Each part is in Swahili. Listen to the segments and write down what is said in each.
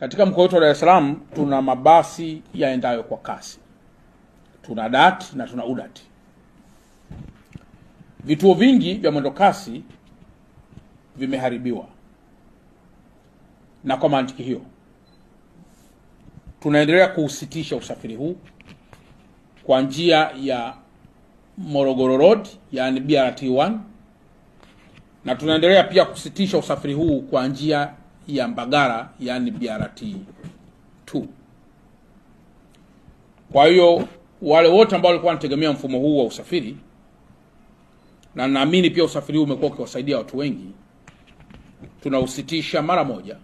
Katika mkoa wetu wa Dar es Salaam tuna mabasi yaendayo kwa kasi, tuna dati na tuna udati. Vituo vingi vya mwendokasi vimeharibiwa, na kwa mantiki hiyo tunaendelea kuusitisha usafiri huu kwa njia ya Morogoro Road, yani BRT1, na tunaendelea pia kusitisha usafiri huu kwa njia ya Mbagara, yani BRT 2. Kwa hiyo wale wote ambao walikuwa wanategemea mfumo huu wa usafiri, na naamini pia usafiri huu umekuwa ukiwasaidia watu wengi, tunausitisha mara moja.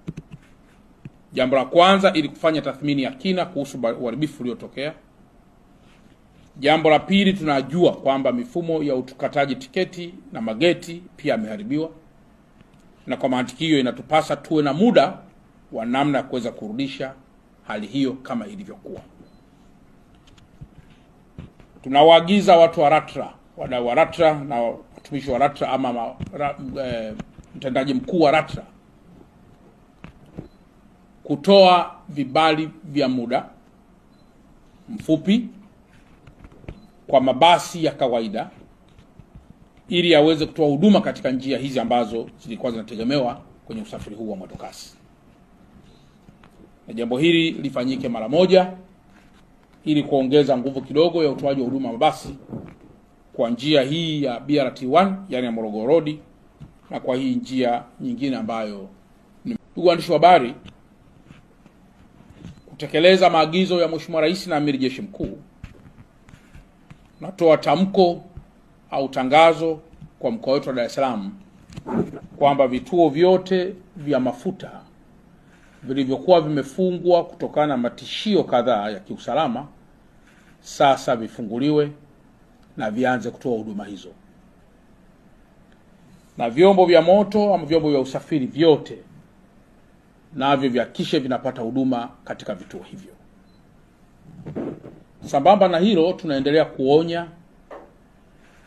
Jambo la kwanza ili kufanya tathmini ya kina kuhusu uharibifu uliotokea. Jambo la pili, tunajua kwamba mifumo ya utukataji tiketi na mageti pia yameharibiwa na kwa hiyo inatupasa tuwe na muda wa namna ya kuweza kurudisha hali hiyo kama ilivyokuwa. Tunawaagiza watu wa LATRA, wadau wa LATRA na watumishi wa LATRA ama ma, ra, e, mtendaji mkuu wa LATRA kutoa vibali vya muda mfupi kwa mabasi ya kawaida ili aweze kutoa huduma katika njia hizi ambazo zilikuwa zinategemewa kwenye usafiri huu wa mwendokasi, na jambo hili lifanyike mara moja ili kuongeza nguvu kidogo ya utoaji wa huduma mabasi kwa njia hii ya BRT1 yani ya Morogoro Road na kwa hii njia nyingine ambayo ni. Ndugu waandishi wa habari, kutekeleza maagizo ya Mheshimiwa Rais na Amiri Jeshi Mkuu, natoa tamko au tangazo kwa mkoa wetu wa Dar es Salaam kwamba vituo vyote vya mafuta vilivyokuwa vimefungwa kutokana na matishio kadhaa ya kiusalama sasa vifunguliwe na vianze kutoa huduma hizo, na vyombo vya moto ama vyombo vya usafiri vyote navyo vihakikishe vinapata huduma katika vituo hivyo. Sambamba na hilo, tunaendelea kuonya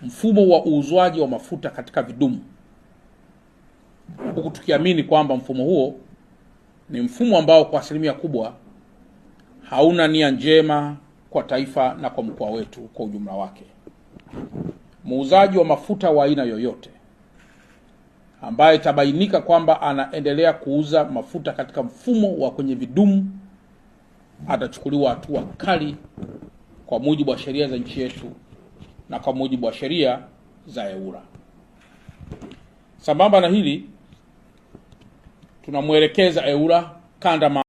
mfumo wa uuzwaji wa mafuta katika vidumu, huku tukiamini kwamba mfumo huo ni mfumo ambao kwa asilimia kubwa hauna nia njema kwa taifa na kwa mkoa wetu kwa ujumla wake. Muuzaji wa mafuta wa aina yoyote ambaye itabainika kwamba anaendelea kuuza mafuta katika mfumo wa kwenye vidumu atachukuliwa hatua kali kwa mujibu wa sheria za nchi yetu na kwa mujibu wa sheria za EWURA. Sambamba na hili, tunamwelekeza EWURA kanda